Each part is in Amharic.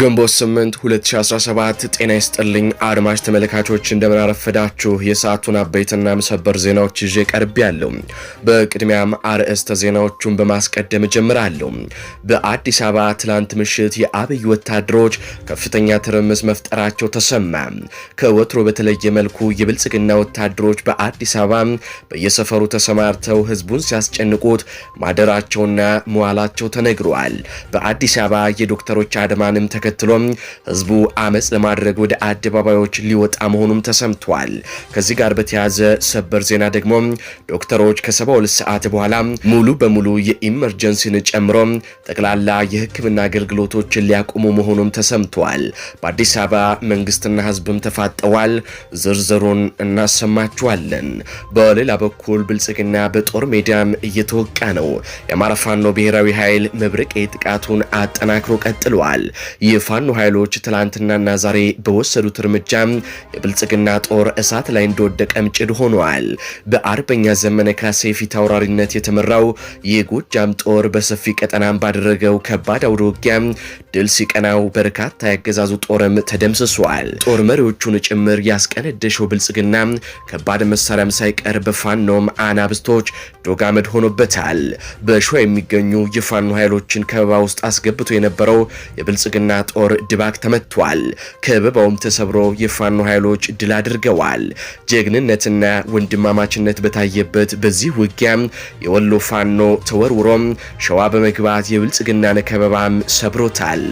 ግንቦት 8 2017። ጤና ይስጥልኝ አድማጭ ተመልካቾች፣ እንደምናረፈዳችሁ የሰዓቱን አበይትና ምሰበር ዜናዎች ይዤ ያለው። በቅድሚያም አርዕስተ ዜናዎቹን በማስቀደም እጀምራለሁ። በአዲስ አበባ ትላንት ምሽት የአብይ ወታደሮች ከፍተኛ ትርምስ መፍጠራቸው ተሰማ። ከወትሮ በተለየ መልኩ የብልጽግና ወታደሮች በአዲስ አበባ በየሰፈሩ ተሰማርተው ህዝቡን ሲያስጨንቁት ማደራቸውና መዋላቸው ተነግረዋል። በአዲስ አበባ የዶክተሮች አድማንም ተከትሎም ህዝቡ አመፅ ለማድረግ ወደ አደባባዮች ሊወጣ መሆኑም ተሰምቷል። ከዚህ ጋር በተያያዘ ሰበር ዜና ደግሞ ዶክተሮች ከ72 ሰዓት በኋላ ሙሉ በሙሉ የኢመርጀንሲን ጨምሮ ጠቅላላ የህክምና አገልግሎቶችን ሊያቆሙ መሆኑም ተሰምቷል። በአዲስ አበባ መንግስትና ህዝብም ተፋጠዋል። ዝርዝሩን እናሰማችኋለን። በሌላ በኩል ብልጽግና በጦር ሜዳም እየተወቃ ነው። የአማራ ፋኖ ብሔራዊ ኃይል መብረቄ ጥቃቱን አጠናክሮ ቀጥሏል። የፋኖ ኃይሎች ትላንትናና ዛሬ በወሰዱት እርምጃ የብልጽግና ጦር እሳት ላይ እንደወደቀ ምጭድ ሆኗል። በአርበኛ ዘመነ ካሴ ፊት አውራሪነት የተመራው የጎጃም ጦር በሰፊ ቀጠናም ባደረገው ከባድ አውደ ውጊያ ድል ሲቀናው በርካታ ያገዛዙ ጦርም ተደምስሷል። ጦር መሪዎቹን ጭምር ያስቀነደሸው ብልጽግና ከባድ መሳሪያም ሳይቀር በፋኖም አናብስቶች ዶጋመድ ሆኖበታል። በሸዋ የሚገኙ የፋኖ ኃይሎችን ከበባ ውስጥ አስገብቶ የነበረው የብልጽግና ጦር ድባቅ ተመቷል። ከበባውም ተሰብሮ የፋኖ ኃይሎች ድል አድርገዋል። ጀግንነትና ወንድማማችነት በታየበት በዚህ ውጊያም የወሎ ፋኖ ተወርውሮም ሸዋ በመግባት የብልጽግናን ከበባም ሰብሮታል።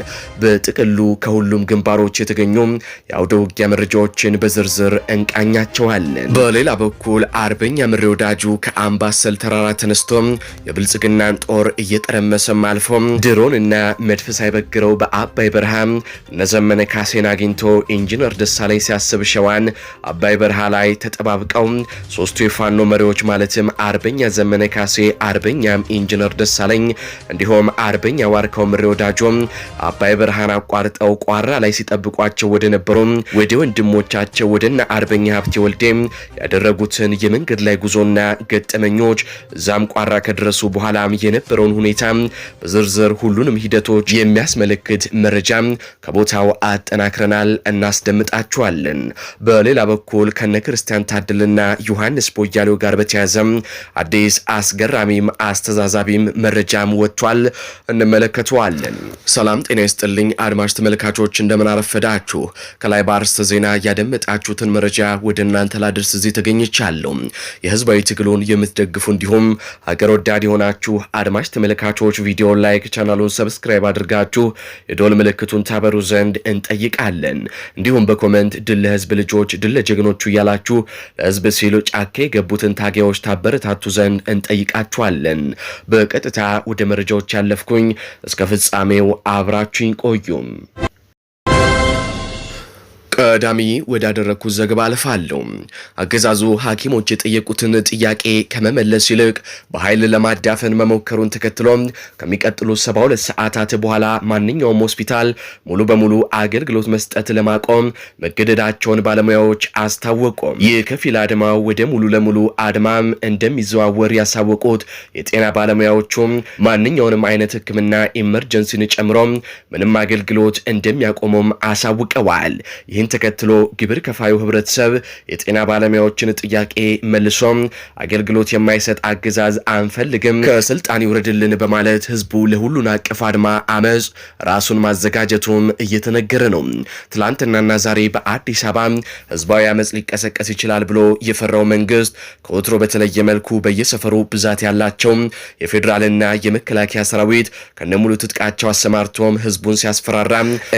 በጥቅሉ ከሁሉም ግንባሮች የተገኙ የአውደ ውጊያ መረጃዎችን በዝርዝር እንቃኛቸዋለን። በሌላ በኩል አርበኛ ምሬ ወዳጁ ከአምባሰል ተራራ ተነስቶ የብልጽግናን ጦር እየጠረመሰም አልፎም ድሮንና መድፍ ሳይበግረው በአባይ በ በርሃም ነዘመነ ካሴን አግኝቶ ኢንጂነር ደሳለኝ ሲያስብ ሸዋን አባይ በርሃ ላይ ተጠባብቀው ሶስቱ የፋኖ መሪዎች ማለትም አርበኛ ዘመነ ካሴ፣ አርበኛ ኢንጂነር ደሳለኝ እንዲሁም አርበኛ ዋርካው ምሬ ወዳጆ አባይ በርሃን አቋርጠው ቋራ ላይ ሲጠብቋቸው ወደ ነበሩ ወደ ወንድሞቻቸው ወደና አርበኛ ሀብቴ ወልዴ ያደረጉትን የመንገድ ላይ ጉዞና ገጠመኞች እዛም ቋራ ከደረሱ በኋላ የነበረውን ሁኔታ በዝርዝር ሁሉንም ሂደቶች የሚያስመለክት መረጃ መረጃም ከቦታው አጠናክረናል እናስደምጣችኋለን። በሌላ በኩል ከነ ክርስቲያን ታድልና ዮሐንስ ቦያሌው ጋር በተያዘ አዲስ አስገራሚም አስተዛዛቢም መረጃም ወጥቷል፣ እንመለከተዋለን። ሰላም ጤና ይስጥልኝ አድማጭ ተመልካቾች፣ እንደምን አረፈዳችሁ። ከላይ በአርስተ ዜና ያደመጣችሁትን መረጃ ወደ እናንተ ላድርስ እዚህ ተገኝቻለሁ። የህዝባዊ ትግሉን የምትደግፉ እንዲሁም ሀገር ወዳድ የሆናችሁ አድማጭ ተመልካቾች ቪዲዮ ላይክ፣ ቻናሉን ሰብስክራይብ አድርጋችሁ የዶል ምልክ ምልክቱን ታበሩ ዘንድ እንጠይቃለን። እንዲሁም በኮመንት ድል ለህዝብ ልጆች፣ ድል ለጀግኖቹ እያላችሁ ለህዝብ ሲሉ ጫካ የገቡትን ታጋዮች ታበረታቱ ዘንድ እንጠይቃችኋለን። በቀጥታ ወደ መረጃዎች ያለፍኩኝ፣ እስከ ፍጻሜው አብራችሁኝ ቆዩም። ቀዳሚ ወዳደረግኩት ዘገባ አልፋለሁ። አገዛዙ ሐኪሞች የጠየቁትን ጥያቄ ከመመለስ ይልቅ በኃይል ለማዳፈን መሞከሩን ተከትሎ ከሚቀጥሉ 72 ሰዓታት በኋላ ማንኛውም ሆስፒታል ሙሉ በሙሉ አገልግሎት መስጠት ለማቆም መገደዳቸውን ባለሙያዎች አስታወቁ። ይህ ከፊል አድማው ወደ ሙሉ ለሙሉ አድማም እንደሚዘዋወር ያሳወቁት የጤና ባለሙያዎቹም ማንኛውንም አይነት ሕክምና ኢመርጀንሲን ጨምሮ ምንም አገልግሎት እንደሚያቆሙም አሳውቀዋል። ይህን ተከትሎ ግብር ከፋዩ ህብረተሰብ የጤና ባለሙያዎችን ጥያቄ መልሶም አገልግሎት የማይሰጥ አገዛዝ አንፈልግም፣ ከስልጣን ይውረድልን በማለት ህዝቡ ለሁሉን አቀፍ አድማ አመፅ ራሱን ማዘጋጀቱም እየተነገረ ነው። ትላንትናና ዛሬ በአዲስ አበባ ህዝባዊ አመፅ ሊቀሰቀስ ይችላል ብሎ የፈራው መንግስት ከወትሮ በተለየ መልኩ በየሰፈሩ ብዛት ያላቸው የፌዴራልና የመከላከያ ሰራዊት ከነሙሉ ትጥቃቸው አሰማርቶም ህዝቡን ሲያስፈራራ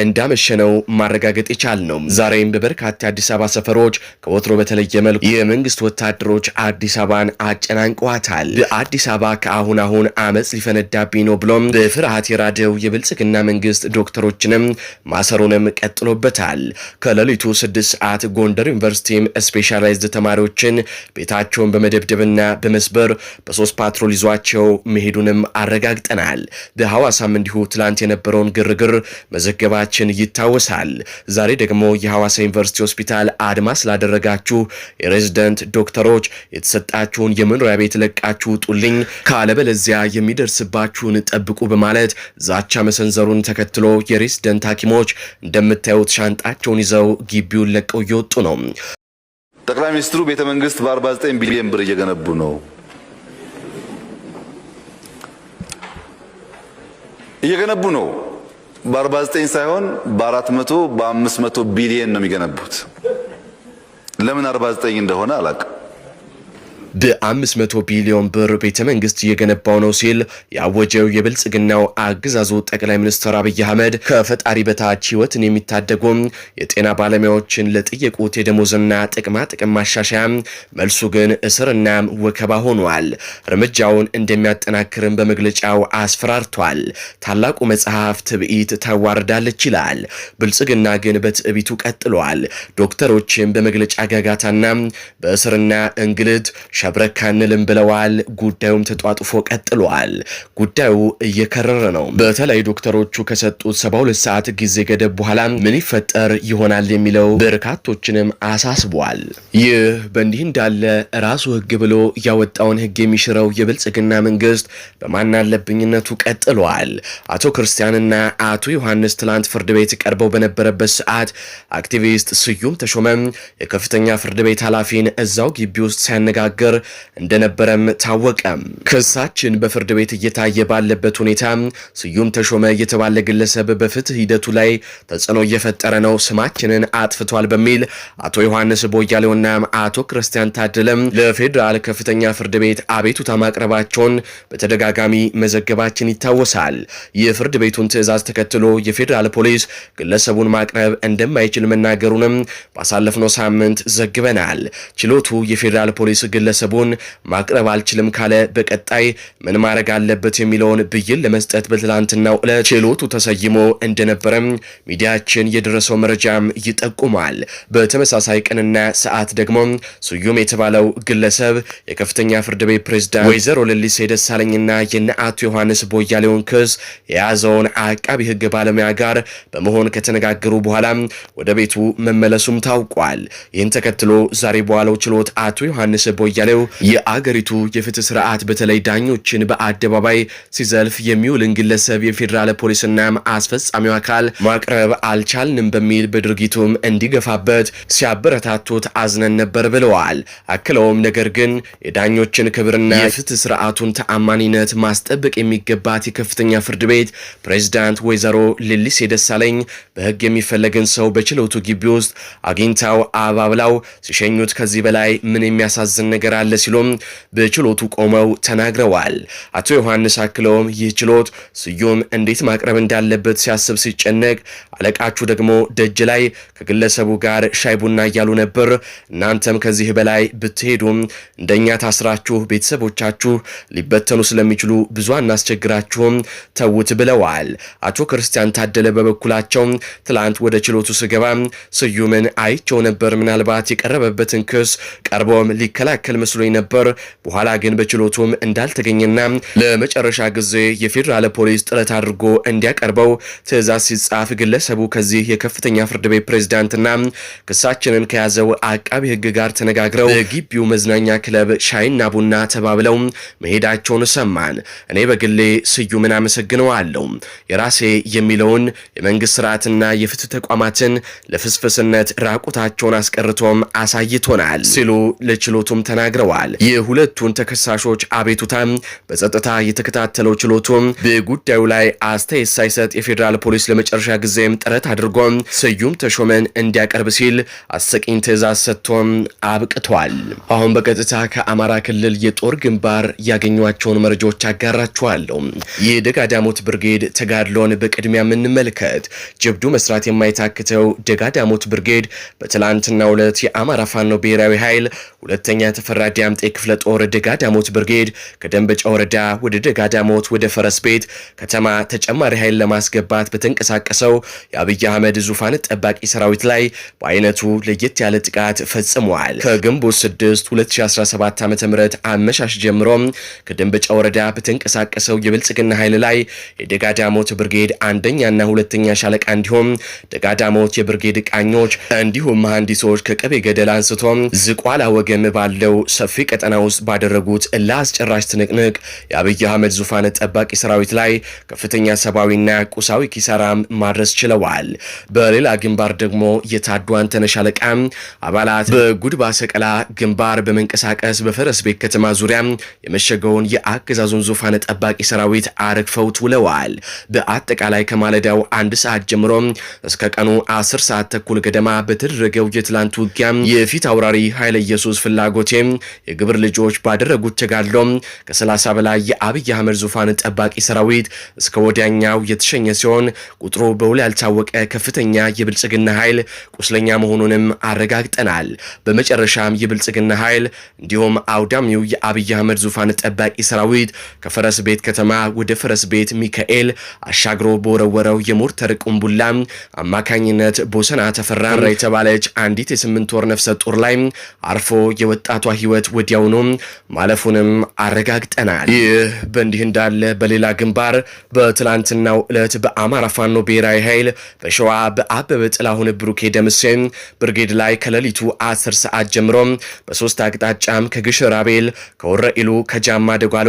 እንዳመሸነው ማረጋገጥ ይቻል ነው። ዛሬም በበርካታ የአዲስ አበባ ሰፈሮች ከወትሮ በተለየ መልኩ የመንግስት ወታደሮች አዲስ አበባን አጨናንቀዋታል። በአዲስ አበባ ከአሁን አሁን አመፅ ሊፈነዳብኝ ነው ብሎም በፍርሃት የራደው የብልጽግና መንግስት ዶክተሮችንም ማሰሩንም ቀጥሎበታል። ከሌሊቱ ስድስት ሰዓት ጎንደር ዩኒቨርሲቲም ስፔሻላይዝድ ተማሪዎችን ቤታቸውን በመደብደብና በመስበር በሶስት ፓትሮል ይዟቸው መሄዱንም አረጋግጠናል። በሐዋሳም እንዲሁ ትላንት የነበረውን ግርግር መዘገባችን ይታወሳል። ዛሬ ደግሞ የሐዋሳ ዩኒቨርሲቲ ሆስፒታል አድማ ስላደረጋችሁ የሬዚደንት ዶክተሮች የተሰጣችሁን የመኖሪያ ቤት ለቃችሁ ውጡልኝ፣ ካለበለዚያ የሚደርስባችሁን ጠብቁ በማለት ዛቻ መሰንዘሩን ተከትሎ የሬዚደንት ሐኪሞች እንደምታዩት ሻንጣቸውን ይዘው ግቢውን ለቀው እየወጡ ነው። ጠቅላይ ሚኒስትሩ ቤተ መንግስት በ49 ቢሊዮን ብር እየገነቡ ነው እየገነቡ ነው በ49 ሳይሆን በ400 በ500 ቢሊየን ነው የሚገነቡት። ለምን 49 እንደሆነ አላቅ በ500 ቢሊዮን ብር ቤተ መንግስት እየገነባው ነው ሲል ያወጀው የብልጽግናው አገዛዙ ጠቅላይ ሚኒስትር አብይ አህመድ ከፈጣሪ በታች ህይወትን የሚታደጉም የጤና ባለሙያዎችን ለጠየቁት የደሞዝና ጥቅማ ጥቅም ማሻሻያ መልሱ ግን እስርና ወከባ ሆኗል። እርምጃውን እንደሚያጠናክርም በመግለጫው አስፈራርቷል። ታላቁ መጽሐፍ ትዕቢት ተዋርዳለች ይላል። ብልጽግና ግን በትዕቢቱ ቀጥሏል። ዶክተሮችን በመግለጫ ጋጋታና በእስርና እንግልት ሸብረክ ብለዋል። ጉዳዩም ተጧጥፎ ቀጥሏል። ጉዳዩ እየከረረ ነው። በተለይ ዶክተሮቹ ከሰጡት 72 ሰዓት ጊዜ ገደብ በኋላ ምን ይፈጠር ይሆናል የሚለው በርካቶችንም አሳስቧል። ይህ በእንዲህ እንዳለ ራሱ ህግ ብሎ ያወጣውን ህግ የሚሽረው የብልጽግና መንግስት በማናለብኝነቱ ቀጥሏል። አቶ ክርስቲያንና አቶ ዮሐንስ ትላንት ፍርድ ቤት ቀርበው በነበረበት ሰዓት አክቲቪስት ስዩም ተሾመም የከፍተኛ ፍርድ ቤት ኃላፊን እዛው ግቢ ውስጥ ሲያነጋግር ሲመረምር እንደነበረም ታወቀ። ክሳችን በፍርድ ቤት እየታየ ባለበት ሁኔታ ስዩም ተሾመ የተባለ ግለሰብ በፍትህ ሂደቱ ላይ ተጽዕኖ እየፈጠረ ነው፣ ስማችንን አጥፍቷል በሚል አቶ ዮሐንስ ቦያሌውና አቶ ክርስቲያን ታደለም ለፌዴራል ከፍተኛ ፍርድ ቤት አቤቱታ ማቅረባቸውን በተደጋጋሚ መዘገባችን ይታወሳል። የፍርድ ቤቱን ትዕዛዝ ተከትሎ የፌዴራል ፖሊስ ግለሰቡን ማቅረብ እንደማይችል መናገሩንም ባሳለፍነው ሳምንት ዘግበናል። ችሎቱ የፌዴራል ፖሊስ ግለሰብ ሀሳቡን ማቅረብ አልችልም ካለ በቀጣይ ምን ማድረግ አለበት የሚለውን ብይን ለመስጠት በትላንትናው ዕለት ችሎቱ ተሰይሞ እንደነበረም ሚዲያችን የደረሰው መረጃም ይጠቁማል። በተመሳሳይ ቀንና ሰዓት ደግሞ ስዩም የተባለው ግለሰብ የከፍተኛ ፍርድ ቤት ፕሬዝዳንት ወይዘሮ ሌሊሴ ደሳለኝና የነ አቶ ዮሐንስ ቦያሌውን ክስ የያዘውን አቃቢ ህግ ባለሙያ ጋር በመሆን ከተነጋገሩ በኋላ ወደ ቤቱ መመለሱም ታውቋል። ይህን ተከትሎ ዛሬ በዋለው ችሎት አቶ ዮሐንስ ቦያሌው በተባለው የአገሪቱ የፍትህ ስርዓት በተለይ ዳኞችን በአደባባይ ሲዘልፍ የሚውልን ግለሰብ የፌዴራል ፖሊስና አስፈጻሚው አካል ማቅረብ አልቻልንም በሚል በድርጊቱም እንዲገፋበት ሲያበረታቱት አዝነን ነበር ብለዋል። አክለውም ነገር ግን የዳኞችን ክብርና የፍትህ ስርዓቱን ተአማኒነት ማስጠበቅ የሚገባት የከፍተኛ ፍርድ ቤት ፕሬዚዳንት ወይዘሮ ሌሊሴ ደሳለኝ በህግ የሚፈለግን ሰው በችሎቱ ግቢ ውስጥ አግኝታው አባብላው ሲሸኙት ከዚህ በላይ ምን የሚያሳዝን ነገር ነገር አለ ሲሉም በችሎቱ ቆመው ተናግረዋል። አቶ ዮሐንስ አክለውም ይህ ችሎት ስዩም እንዴት ማቅረብ እንዳለበት ሲያስብ ሲጨነቅ፣ አለቃችሁ ደግሞ ደጅ ላይ ከግለሰቡ ጋር ሻይ ቡና እያሉ ነበር። እናንተም ከዚህ በላይ ብትሄዱም እንደኛ ታስራችሁ ቤተሰቦቻችሁ ሊበተኑ ስለሚችሉ ብዙ አናስቸግራችሁም ተውት ብለዋል። አቶ ክርስቲያን ታደለ በበኩላቸው ትላንት ወደ ችሎቱ ስገባ ስዩምን አይቸው ነበር። ምናልባት የቀረበበትን ክስ ቀርቦም ሊከላከል መስሎኝ ነበር። በኋላ ግን በችሎቱም እንዳልተገኘና ለመጨረሻ ጊዜ የፌዴራል ፖሊስ ጥረት አድርጎ እንዲያቀርበው ትዕዛዝ ሲጻፍ ግለሰቡ ከዚህ የከፍተኛ ፍርድ ቤት ፕሬዝዳንትና ክሳችንን ከያዘው አቃቢ ሕግ ጋር ተነጋግረው በግቢው መዝናኛ ክለብ ሻይና ቡና ተባብለው መሄዳቸውን ሰማን። እኔ በግሌ ስዩምን አመሰግነዋለሁ። የራሴ የሚለውን የመንግስት ስርዓትና የፍትህ ተቋማትን ለፍስፍስነት ራቁታቸውን አስቀርቶም አሳይቶናል ሲሉ ለችሎቱም ተናግ ተናግረዋል። የሁለቱን ተከሳሾች አቤቱታ በጸጥታ የተከታተለው ችሎቱ በጉዳዩ ላይ አስተያየት ሳይሰጥ የፌዴራል ፖሊስ ለመጨረሻ ጊዜም ጥረት አድርጎ ስዩም ተሾመን እንዲያቀርብ ሲል አሰቂኝ ትዕዛዝ ሰጥቶም አብቅቷል። አሁን በቀጥታ ከአማራ ክልል የጦር ግንባር ያገኟቸውን መረጃዎች አጋራችኋለሁ። የደጋዳሞት ብርጌድ ተጋድሎን በቅድሚያ የምንመልከት ጀብዱ መስራት የማይታክተው ደጋዳሞት ብርጌድ በትላንትና ሁለት የአማራ ፋኖ ብሔራዊ ኃይል ሁለተኛ ተፈራ የአማራ ዳምጤ ክፍለ ጦር ደጋ ዳሞት ብርጌድ ከደንበጫ ወረዳ ወደ ደጋ ዳሞት ወደ ፈረስ ቤት ከተማ ተጨማሪ ኃይል ለማስገባት በተንቀሳቀሰው የአብይ አህመድ ዙፋን ጠባቂ ሰራዊት ላይ በአይነቱ ለየት ያለ ጥቃት ፈጽመዋል። ከግንቦት 6 2017 ዓ ም አመሻሽ ጀምሮ ከደንበጫ ወረዳ በተንቀሳቀሰው የብልጽግና ኃይል ላይ የደጋዳሞት ዳሞት ብርጌድ አንደኛና ሁለተኛ ሻለቃ እንዲሁም ደጋዳሞት የብርጌድ ቃኞች እንዲሁም መሐንዲሶች ከቀቤ ገደል አንስቶ ዝቋላ ወገም ባለው ሰፊ ቀጠና ውስጥ ባደረጉት አስጨራሽ ትንቅንቅ የአብይ አህመድ ዙፋን ጠባቂ ሰራዊት ላይ ከፍተኛ ሰብአዊና ቁሳዊ ኪሳራም ማድረስ ችለዋል። በሌላ ግንባር ደግሞ የታዷን ተነሻለቃ አባላት በጉድባ ሰቀላ ግንባር በመንቀሳቀስ በፈረስ ቤት ከተማ ዙሪያ የመሸገውን የአገዛዙን ዙፋን ጠባቂ ሰራዊት አረግፈውት ውለዋል። በአጠቃላይ ከማለዳው አንድ ሰዓት ጀምሮ እስከ ቀኑ 10 ሰዓት ተኩል ገደማ በተደረገው የትላንት ውጊያ የፊት አውራሪ ኃይለ ኢየሱስ ፍላጎቴ የግብር ልጆች ባደረጉት ተጋድሎ ከ30 በላይ የአብይ አህመድ ዙፋን ጠባቂ ሰራዊት እስከ ወዲያኛው የተሸኘ ሲሆን ቁጥሩ በውል ያልታወቀ ከፍተኛ የብልጽግና ኃይል ቁስለኛ መሆኑንም አረጋግጠናል። በመጨረሻም የብልጽግና ኃይል እንዲሁም አውዳሚው የአብይ አህመድ ዙፋን ጠባቂ ሰራዊት ከፈረስ ቤት ከተማ ወደ ፈረስ ቤት ሚካኤል አሻግሮ በወረወረው የሞርተር ቁምቡላ አማካኝነት ቦሰና ተፈራ የተባለች አንዲት የስምንት ወር ነፍሰ ጡር ላይ አርፎ የወጣቷ ህይወት ህይወት ወዲያውኑም ማለፉንም አረጋግጠናል። ይህ በእንዲህ እንዳለ በሌላ ግንባር በትላንትናው ዕለት በአማራ ፋኖ ብሔራዊ ኃይል በሸዋ በአበበ ጥላሁን ብሩኬ ደምሴ ብርጌድ ላይ ከሌሊቱ 10 ሰዓት ጀምሮ በሶስት አቅጣጫም ከግሸ ከወረኢሉ፣ ከጃማ ደጓሎ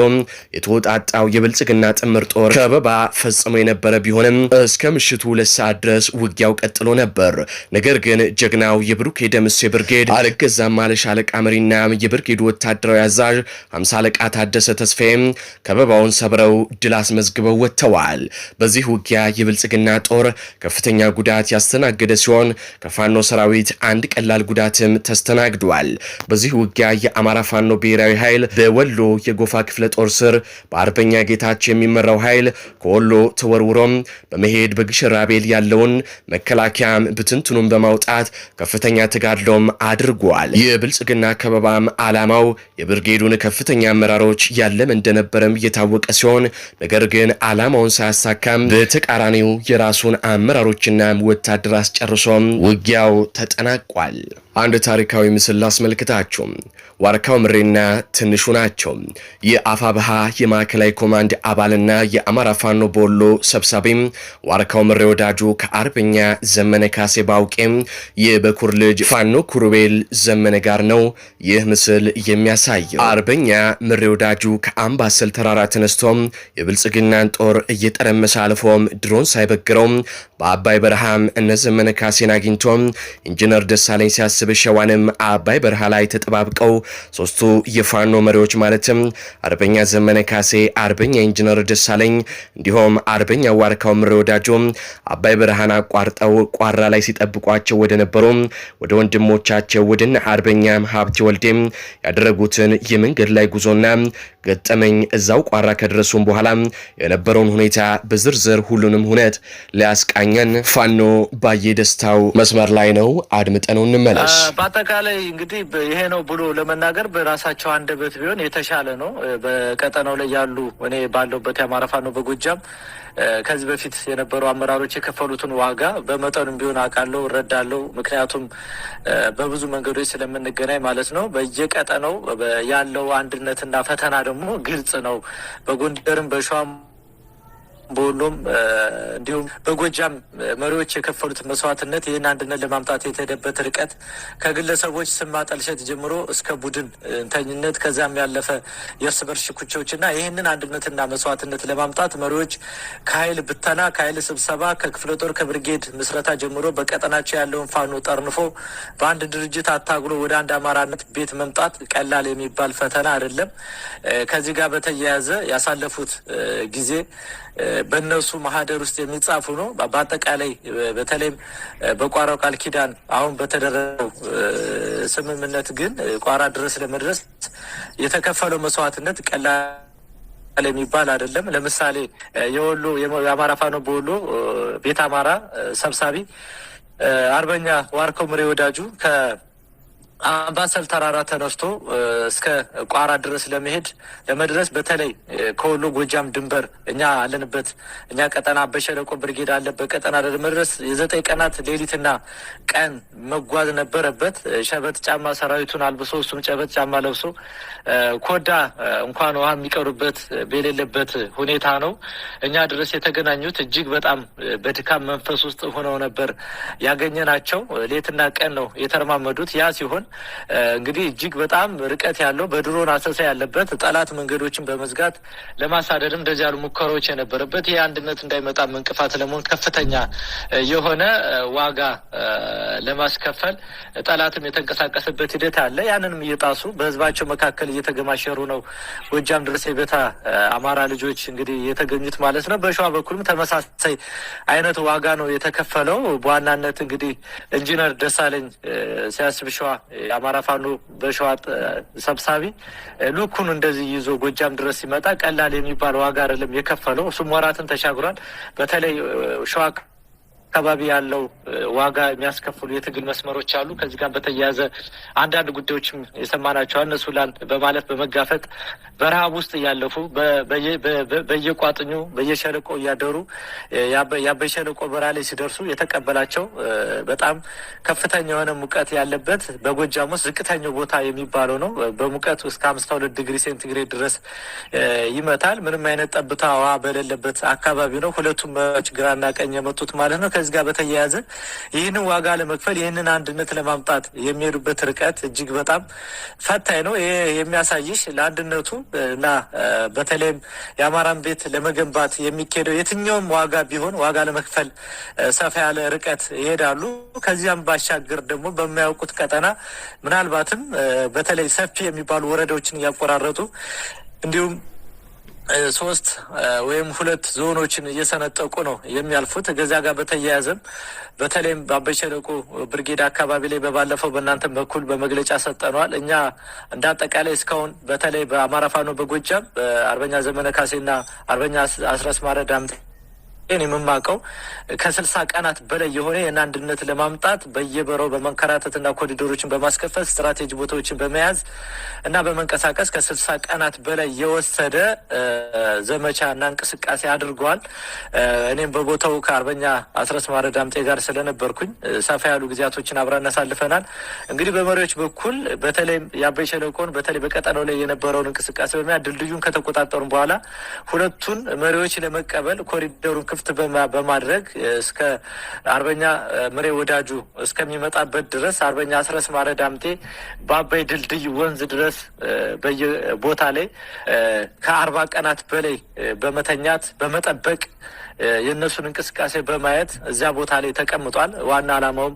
የተወጣጣው የብልጽግና ጥምር ጦር ከበባ ፈጽሞ የነበረ ቢሆንም እስከ ምሽቱ ሁለት ሰዓት ድረስ ውጊያው ቀጥሎ ነበር። ነገር ግን ጀግናው የብሩኬ ደምሴ ብርጌድ አልገዛም ማለ ሻለቃ መሪና የብርጌዱ ወታደራዊ አዛዥ ሃምሳ አለቃ ታደሰ ተስፋዬም ከበባውን ሰብረው ድል አስመዝግበው ወጥተዋል። በዚህ ውጊያ የብልጽግና ጦር ከፍተኛ ጉዳት ያስተናገደ ሲሆን ከፋኖ ሰራዊት አንድ ቀላል ጉዳትም ተስተናግዷል። በዚህ ውጊያ የአማራ ፋኖ ብሔራዊ ኃይል በወሎ የጎፋ ክፍለ ጦር ስር በአርበኛ ጌታቸው የሚመራው ኃይል ከወሎ ተወርውሮም በመሄድ በግሽራቤል ያለውን መከላከያም ብትንትኑን በማውጣት ከፍተኛ ተጋድሎም አድርጓል። የብልጽግና ከበባም ዓላማው የብርጌዱን ከፍተኛ አመራሮች ያለም እንደነበረም እየታወቀ ሲሆን ነገር ግን ዓላማውን ሳያሳካም በተቃራኒው የራሱን አመራሮችና ወታደር አስጨርሶም ውጊያው ተጠናቋል። አንድ ታሪካዊ ምስል ላስመልክታችሁ። ዋርካው ምሬና ትንሹ ናቸው። የአፋብሃ የማዕከላዊ ኮማንድ አባልና የአማራ ፋኖ ቦሎ ሰብሳቢም ዋርካው ምሬ ወዳጁ ከአርበኛ ዘመነ ካሴ ባውቄም የበኩር ልጅ ፋኖ ኩሩቤል ዘመነ ጋር ነው ይህ ምስል የሚያሳየው። አርበኛ ምሬ ወዳጁ ከአምባሰል ተራራ ተነስቶም የብልጽግናን ጦር እየጠረመሰ አልፎም ድሮን ሳይበግረውም በአባይ በረሃም እነ ዘመነ ካሴን አግኝቶም ኢንጂነር ደሳለኝ ሲያስብ ሸዋንም አባይ በረሃ ላይ ተጠባብቀው ሶስቱ የፋኖ መሪዎች ማለትም አርበኛ ዘመነ ካሴ፣ አርበኛ ኢንጂነር ደሳለኝ እንዲሁም አርበኛ ዋርካው ምሬ ወዳጆ አባይ በረሃን አቋርጠው ቋራ ላይ ሲጠብቋቸው ወደ ነበሩ ወደ ወንድሞቻቸው ወደነ አርበኛ ሀብቴ ወልዴም ያደረጉትን የመንገድ ላይ ጉዞና ገጠመኝ እዛው ቋራ ከደረሱም በኋላ የነበረውን ሁኔታ በዝርዝር ሁሉንም ሁነት ሊያስቃ ያገናኘን ፋኖ ባየ ደስታው መስመር ላይ ነው። አድምጠነው እንመለስ። በአጠቃላይ እንግዲህ ይሄ ነው ብሎ ለመናገር በራሳቸው አንደበት ቢሆን የተሻለ ነው። በቀጠናው ላይ ያሉ እኔ ባለውበት የአማራ ፋኖ በጎጃም ከዚህ በፊት የነበሩ አመራሮች የከፈሉትን ዋጋ በመጠኑም ቢሆን አውቃለሁ፣ እረዳለሁ። ምክንያቱም በብዙ መንገዶች ስለምንገናኝ ማለት ነው። በየቀጠነው ያለው አንድነትና ፈተና ደግሞ ግልጽ ነው። በጎንደርም በሸዋም በወሎም እንዲሁም በጎጃም መሪዎች የከፈሉት መስዋዕትነት ይህን አንድነት ለማምጣት የተሄደበት ርቀት ከግለሰቦች ስም ማጠልሸት ጀምሮ እስከ ቡድን እንተኝነት ከዚያም ያለፈ የእርስ በርስ ሽኩቻዎችና ይህንን አንድነትና መስዋዕትነት ለማምጣት መሪዎች ከኃይል ብተና፣ ከኃይል ስብሰባ፣ ከክፍለ ጦር ከብርጌድ ምስረታ ጀምሮ በቀጠናቸው ያለውን ፋኖ ጠርንፎ በአንድ ድርጅት አታግሎ ወደ አንድ አማራነት ቤት መምጣት ቀላል የሚባል ፈተና አይደለም። ከዚህ ጋር በተያያዘ ያሳለፉት ጊዜ በእነሱ ማህደር ውስጥ የሚጻፉ ነው። በአጠቃላይ በተለይም በቋራው ቃል ኪዳን አሁን በተደረገው ስምምነት ግን ቋራ ድረስ ለመድረስ የተከፈለው መስዋዕትነት ቀላል የሚባል አይደለም። ለምሳሌ የወሎ የአማራ ፋኖ በወሎ ቤት አማራ ሰብሳቢ አርበኛ ዋርከው ምሬ ወዳጁ አምባሰል ተራራ ተነስቶ እስከ ቋራ ድረስ ለመሄድ ለመድረስ በተለይ ከወሎ ጎጃም ድንበር እኛ አለንበት እኛ ቀጠና በሸለቆ ብርጌድ አለበት ቀጠና ለመድረስ የዘጠኝ ቀናት ሌሊትና ቀን መጓዝ ነበረበት። ሸበት ጫማ ሰራዊቱን አልብሶ እሱም ጨበት ጫማ ለብሶ ኮዳ እንኳን ውሃ የሚቀሩበት በሌለበት ሁኔታ ነው እኛ ድረስ የተገናኙት። እጅግ በጣም በድካም መንፈስ ውስጥ ሆነው ነበር ያገኘናቸው። ሌትና ቀን ነው የተረማመዱት። ያ ሲሆን እንግዲህ እጅግ በጣም ርቀት ያለው በድሮን አሰሳ ያለበት ጠላት መንገዶችን በመዝጋት ለማሳደድም እንደዚህ ያሉ ሙከራዎች የነበረበት ይህ አንድነት እንዳይመጣ እንቅፋት ለመሆን ከፍተኛ የሆነ ዋጋ ለማስከፈል ጠላትም የተንቀሳቀሰበት ሂደት አለ። ያንንም እየጣሱ በህዝባቸው መካከል እየተገማሸሩ ነው ጎጃም ድረስ የቤታ አማራ ልጆች እንግዲህ የተገኙት ማለት ነው። በሸዋ በኩልም ተመሳሳይ አይነት ዋጋ ነው የተከፈለው። በዋናነት እንግዲህ ኢንጂነር ደሳለኝ ሲያስብ ሸዋ የአማራ ፋኖ በሸዋ ሰብሳቢ ልኩን እንደዚህ ይዞ ጎጃም ድረስ ሲመጣ ቀላል የሚባል ዋጋ አይደለም የከፈለው። እሱም ወራትን ተሻግሯል። በተለይ ሸዋ አካባቢ ያለው ዋጋ የሚያስከፍሉ የትግል መስመሮች አሉ። ከዚህ ጋር በተያያዘ አንዳንድ ጉዳዮችም እነሱ ላል በማለት በመጋፈጥ በረሃብ ውስጥ እያለፉ በየቋጥኙ በየሸለቆ እያደሩ የአባይ ሸለቆ በረሃ ላይ ሲደርሱ የተቀበላቸው በጣም ከፍተኛ የሆነ ሙቀት ያለበት በጎጃም ውስጥ ዝቅተኛው ቦታ የሚባለው ነው። በሙቀት እስከ አምስት ሁለት ዲግሪ ሴንቲግሬድ ድረስ ይመታል። ምንም አይነት ጠብታ ውሃ በሌለበት አካባቢ ነው። ሁለቱም ግራና ቀኝ የመጡት ማለት ነው። ከመያዝ ጋር በተያያዘ ይህንን ዋጋ ለመክፈል ይህንን አንድነት ለማምጣት የሚሄዱበት ርቀት እጅግ በጣም ፈታኝ ነው። ይ የሚያሳይሽ ለአንድነቱ እና በተለይም የአማራን ቤት ለመገንባት የሚካሄደው የትኛውም ዋጋ ቢሆን ዋጋ ለመክፈል ሰፋ ያለ ርቀት ይሄዳሉ። ከዚያም ባሻገር ደግሞ በሚያውቁት ቀጠና ምናልባትም በተለይ ሰፊ የሚባሉ ወረዳዎችን እያቆራረጡ እንዲሁም ሶስት ወይም ሁለት ዞኖችን እየሰነጠቁ ነው የሚያልፉት። ከዚያ ጋር በተያያዘም በተለይም በአባይ ሸለቆ ብርጌድ አካባቢ ላይ በባለፈው በእናንተም በኩል በመግለጫ ሰጠነዋል። እኛ እንደ አጠቃላይ እስካሁን በተለይ በአማራ ፋኖ በጎጃም በአርበኛ ዘመነ ካሴና አርበኛ አስረስ ማረ ዳምጤ እኔ የምማቀው ከስልሳ ቀናት በላይ የሆነ ይህን ለማምጣት በየበረው በመንከራተት በመንከራተትና ኮሪዶሮችን በማስከፈት ስትራቴጂ ቦታዎችን በመያዝ እና በመንቀሳቀስ ከስልሳ ቀናት በላይ የወሰደ ዘመቻ እና እንቅስቃሴ አድርጓል። እኔም በቦታው ከአርበኛ አስረስ ማረ ዳምጤ ጋር ስለነበርኩኝ ሰፋ ያሉ ጊዜያቶችን አብረን እናሳልፈናል። እንግዲህ በመሪዎች በኩል በተለይም የአበይ ሸለቆን በተለይ በቀጠናው ላይ የነበረውን እንቅስቃሴ በሚያ ድልድዩን ከተቆጣጠሩ በኋላ ሁለቱን መሪዎች ለመቀበል ኮሪደሩን ክፍት በማድረግ እስከ አርበኛ ምሬ ወዳጁ እስከሚመጣበት ድረስ አርበኛ አስረስ ማረ ዳምቴ በአባይ ድልድይ ወንዝ ድረስ በየቦታ ላይ ከአርባ ቀናት በላይ በመተኛት በመጠበቅ የእነሱን እንቅስቃሴ በማየት እዚያ ቦታ ላይ ተቀምጧል። ዋና ዓላማውም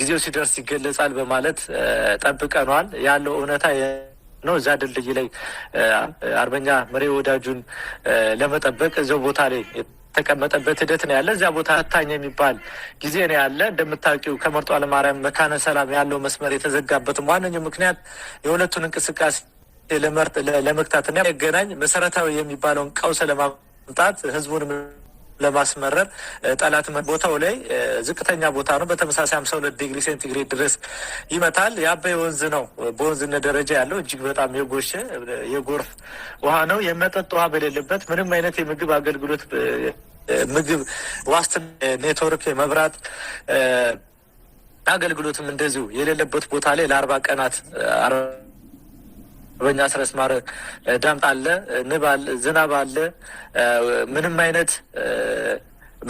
ጊዜው ሲደርስ ይገለጻል በማለት ጠብቀኗል። ያለው እውነታ ነው። እዛ ድልድይ ላይ አርበኛ መሪ ወዳጁን ለመጠበቅ እዚያው ቦታ ላይ የተቀመጠበት ሂደት ነው ያለ። እዚያ ቦታ አታኝ የሚባል ጊዜ ነው ያለ። እንደምታውቂው ከመርጦ አለማርያም መካነ ሰላም ያለው መስመር የተዘጋበትም ዋነኛው ምክንያት የሁለቱን እንቅስቃሴ ለመግታትና የገናኝ መሰረታዊ የሚባለውን ቀውስ ለማምጣት ህዝቡን ለማስመረር ጠላት ቦታው ላይ ዝቅተኛ ቦታ ነው። በተመሳሳይ ሀምሳ ሁለት ዲግሪ ሴንቲግሬድ ድረስ ይመታል። የአባይ ወንዝ ነው በወንዝነት ደረጃ ያለው እጅግ በጣም የጎሸ የጎርፍ ውሃ ነው። የመጠጥ ውሃ በሌለበት ምንም አይነት የምግብ አገልግሎት ምግብ ዋስትና፣ ኔትወርክ፣ መብራት አገልግሎትም እንደዚሁ የሌለበት ቦታ ላይ ለአርባ ቀናት በኛ ስረስ ማረ ዳምጥ አለ፣ ንብ አለ፣ ዝናብ አለ። ምንም አይነት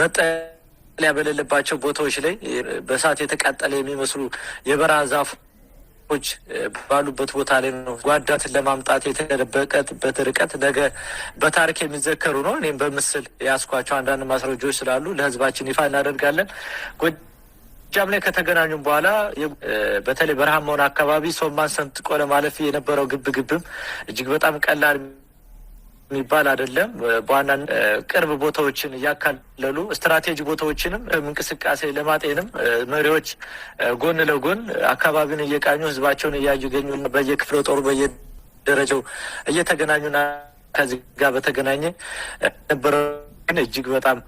መጠለያ በሌለባቸው ቦታዎች ላይ በእሳት የተቃጠለ የሚመስሉ የበረሃ ዛፎች ባሉበት ቦታ ላይ ነው ጓዳትን ለማምጣት የተደበቀበት ርቀት ነገ በታሪክ የሚዘከሩ ነው። እኔም በምስል ያስኳቸው አንዳንድ ማስረጃዎች ስላሉ ለህዝባችን ይፋ እናደርጋለን። ጃም ላይ ከተገናኙ በኋላ በተለይ በረሃማውን አካባቢ ሶማን ሰንጥቆ ለማለፍ የነበረው ግብ ግብም እጅግ በጣም ቀላል የሚባል አይደለም። በዋና ቅርብ ቦታዎችን እያካለሉ ስትራቴጂ ቦታዎችንም እንቅስቃሴ ለማጤንም መሪዎች ጎን ለጎን አካባቢውን እየቃኙ ህዝባቸውን እያገኙ በየክፍለ ጦሩ በየደረጃው እየተገናኙና ከዚህ ጋር በተገናኘ ነበረ ግን እጅግ በጣም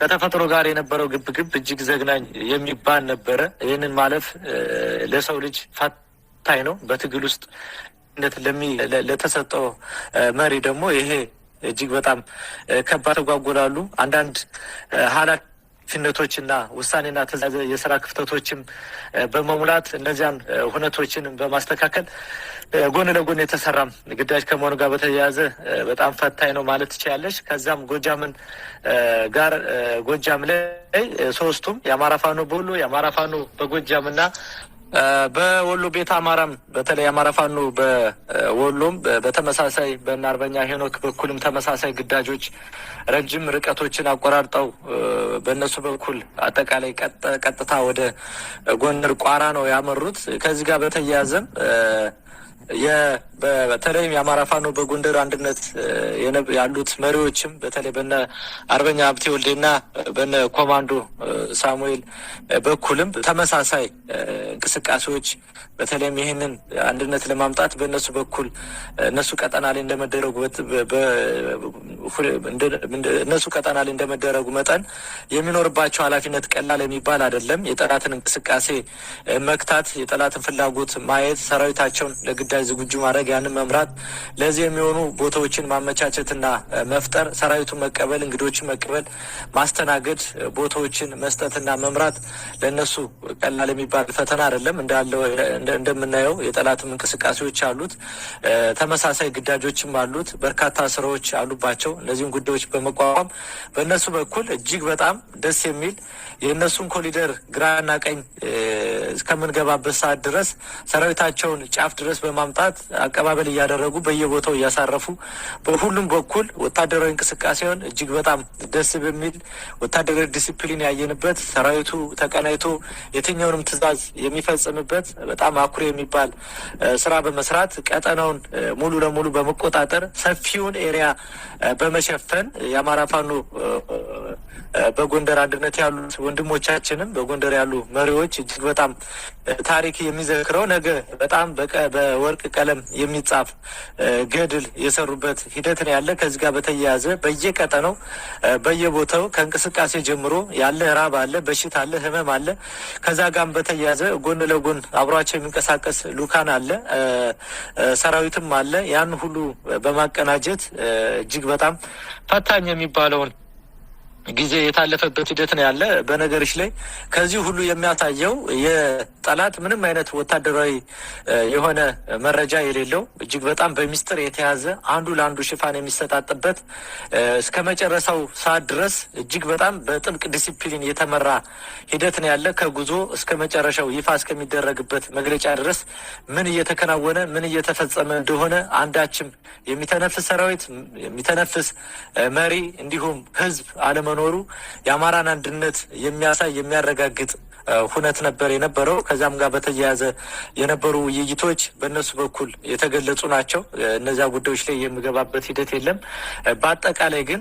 ከተፈጥሮ ጋር የነበረው ግብግብ እጅግ ዘግናኝ የሚባል ነበረ። ይህንን ማለፍ ለሰው ልጅ ፈታኝ ነው። በትግል ውስጥ ለተሰጠው መሪ ደግሞ ይሄ እጅግ በጣም ከባድ ተጓጎላሉ አንዳንድ ሀላ ፍነቶችና ውሳኔና ትእዛዝ የስራ ክፍተቶችም በመሙላት እነዚያን ሁነቶችን በማስተካከል ጎን ለጎን የተሰራም ግዳጅ ከመሆኑ ጋር በተያያዘ በጣም ፈታኝ ነው ማለት ትችላለች። ከዛም ጎጃምን ጋር ጎጃም ላይ ሶስቱም የአማራ ፋኖ በሁሉ የአማራ ፋኖ በጎጃምና በወሎ ቤት አማራም በተለይ አማራ ፋኖ በወሎም በተመሳሳይ በእነ አርበኛ ሄኖክ በኩልም ተመሳሳይ ግዳጆች ረጅም ርቀቶችን አቆራርጠው በእነሱ በኩል አጠቃላይ ቀጥታ ወደ ጎንደር ቋራ ነው ያመሩት። ከዚህ ጋር በተያያዘም በተለይም የአማራ ፋኖ በጎንደር አንድነት ያሉት መሪዎችም በተለይ በነ አርበኛ ሀብቴ ወልዴና በነ ኮማንዶ ሳሙኤል በኩልም ተመሳሳይ እንቅስቃሴዎች በተለይም ይህንን አንድነት ለማምጣት በእነሱ በኩል እነሱ ቀጠና ላይ እንደመደረጉ እነሱ ቀጠና ላይ እንደመደረጉ መጠን የሚኖርባቸው ኃላፊነት ቀላል የሚባል አይደለም። የጠላትን እንቅስቃሴ መክታት፣ የጠላትን ፍላጎት ማየት፣ ሰራዊታቸውን ለግዳ ጉዳይ ዝግጁ ማድረግ፣ ያንን መምራት፣ ለዚህ የሚሆኑ ቦታዎችን ማመቻቸትና መፍጠር፣ ሰራዊቱን መቀበል፣ እንግዶችን መቀበል፣ ማስተናገድ፣ ቦታዎችን መስጠትና መምራት ለእነሱ ቀላል የሚባል ፈተና አይደለም። እንደምናየው የጠላትም እንቅስቃሴዎች አሉት። ተመሳሳይ ግዳጆችም አሉት። በርካታ ስራዎች አሉባቸው። እነዚህም ጉዳዮች በመቋቋም በእነሱ በኩል እጅግ በጣም ደስ የሚል የእነሱን ኮሊደር ግራና ቀኝ እስከምንገባበት ሰዓት ድረስ ሰራዊታቸውን ጫፍ ድረስ በማ በማምጣት አቀባበል እያደረጉ በየቦታው እያሳረፉ በሁሉም በኩል ወታደራዊ እንቅስቃሴውን እጅግ በጣም ደስ በሚል ወታደራዊ ዲሲፕሊን ያየንበት ሰራዊቱ ተቀናይቶ የትኛውንም ትዕዛዝ የሚፈጽምበት በጣም አኩሪ የሚባል ስራ በመስራት ቀጠናውን ሙሉ ለሙሉ በመቆጣጠር ሰፊውን ኤሪያ በመሸፈን የአማራ ፋኖ በጎንደር አንድነት ያሉት ወንድሞቻችንም በጎንደር ያሉ መሪዎች እጅግ በጣም ታሪክ የሚዘክረው ነገ በጣም በወር በወርቅ ቀለም የሚጻፍ ገድል የሰሩበት ሂደት ነው ያለ። ከዚህ ጋር በተያያዘ በየቀጠነው በየቦታው ከእንቅስቃሴ ጀምሮ ያለ ራብ አለ፣ በሽታ አለ፣ ህመም አለ። ከዛ ጋም በተያያዘ ጎን ለጎን አብሯቸው የሚንቀሳቀስ ሉካን አለ፣ ሰራዊትም አለ። ያን ሁሉ በማቀናጀት እጅግ በጣም ፈታኝ የሚባለውን ጊዜ የታለፈበት ሂደት ነው ያለ። በነገሮች ላይ ከዚህ ሁሉ የሚያሳየው የጠላት ምንም አይነት ወታደራዊ የሆነ መረጃ የሌለው እጅግ በጣም በሚስጥር የተያዘ አንዱ ለአንዱ ሽፋን የሚሰጣጥበት እስከ መጨረሻው ሰዓት ድረስ እጅግ በጣም በጥብቅ ዲሲፕሊን የተመራ ሂደት ነው ያለ። ከጉዞ እስከ መጨረሻው ይፋ እስከሚደረግበት መግለጫ ድረስ ምን እየተከናወነ ምን እየተፈጸመ እንደሆነ አንዳችም የሚተነፍስ ሰራዊት የሚተነፍስ መሪ እንዲሁም ህዝብ አለመ መኖሩ የአማራን አንድነት የሚያሳይ የሚያረጋግጥ ሁነት ነበር የነበረው። ከዚያም ጋር በተያያዘ የነበሩ ውይይቶች በእነሱ በኩል የተገለጹ ናቸው። እነዚያ ጉዳዮች ላይ የሚገባበት ሂደት የለም። በአጠቃላይ ግን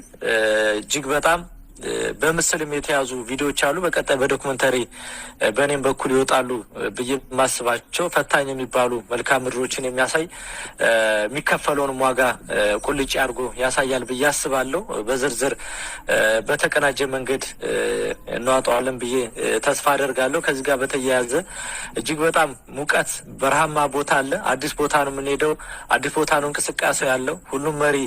እጅግ በጣም በምስልም የተያዙ ቪዲዮዎች አሉ። በቀጣይ በዶክመንተሪ በእኔም በኩል ይወጣሉ ብዬ ማስባቸው ፈታኝ የሚባሉ መልካም ምድሮችን የሚያሳይ የሚከፈለውን ዋጋ ቁልጭ አድርጎ ያሳያል ብዬ አስባለሁ። በዝርዝር በተቀናጀ መንገድ እናወጣዋለን ብዬ ተስፋ አደርጋለሁ። ከዚህ ጋር በተያያዘ እጅግ በጣም ሙቀት በረሃማ ቦታ አለ። አዲስ ቦታ ነው የምንሄደው። አዲስ ቦታ ነው እንቅስቃሴው ያለው። ሁሉም መሪ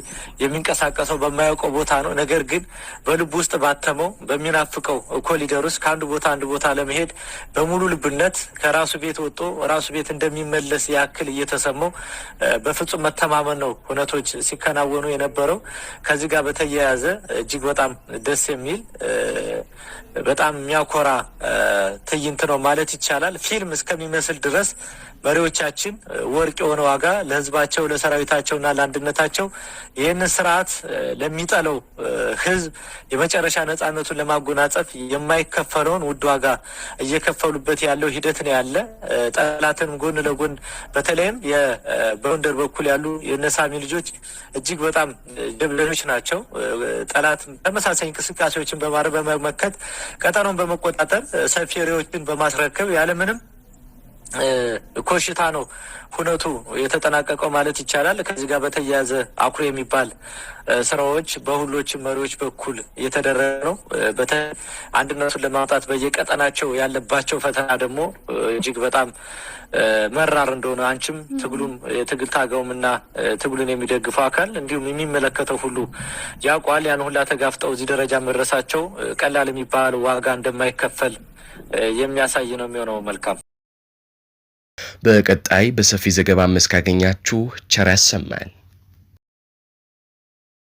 የሚንቀሳቀሰው በማያውቀው ቦታ ነው። ነገር ግን በልቡ ውስጥ ባተመው በሚናፍቀው ኮሊደር ውስጥ ከአንድ ቦታ አንድ ቦታ ለመሄድ በሙሉ ልብነት ከራሱ ቤት ወጦ ራሱ ቤት እንደሚመለስ ያክል እየተሰማው በፍጹም መተማመን ነው ሁነቶች ሲከናወኑ የነበረው። ከዚህ ጋር በተያያዘ እጅግ በጣም ደስ የሚል በጣም የሚያኮራ ትዕይንት ነው ማለት ይቻላል። ፊልም እስከሚመስል ድረስ መሪዎቻችን ወርቅ የሆነ ዋጋ ለህዝባቸው ለሰራዊታቸውና ለአንድነታቸው ይህንን ስርዓት ለሚጠለው ህዝብ የመጨረሻ ነጻነቱን ለማጎናጸፍ የማይከፈለውን ውድ ዋጋ እየከፈሉበት ያለው ሂደት ነው ያለ። ጠላትን ጎን ለጎን በተለይም በጎንደር በኩል ያሉ የነሳሚ ልጆች እጅግ በጣም ጀብደኞች ናቸው። ጠላት ተመሳሳይ እንቅስቃሴዎችን በማድረግ በመመከት ቀጠናውን በመቆጣጠር ሰፊ ሬዎችን በማስረከብ ያለምንም ኮሽታ ነው ሁነቱ የተጠናቀቀው ማለት ይቻላል። ከዚህ ጋር በተያያዘ አኩሪ የሚባል ስራዎች በሁሎችም መሪዎች በኩል የተደረገ ነው። አንድነቱን ለማምጣት በየቀጠናቸው ያለባቸው ፈተና ደግሞ እጅግ በጣም መራር እንደሆነ አንቺም ትግሉም የትግል ታገውም እና ትግሉን የሚደግፈው አካል እንዲሁም የሚመለከተው ሁሉ ያውቋል። ያን ሁላ ተጋፍጠው እዚህ ደረጃ መድረሳቸው ቀላል የሚባል ዋጋ እንደማይከፈል የሚያሳይ ነው የሚሆነው። መልካም በቀጣይ በሰፊ ዘገባ መስካገኛችሁ ቸር ያሰማን።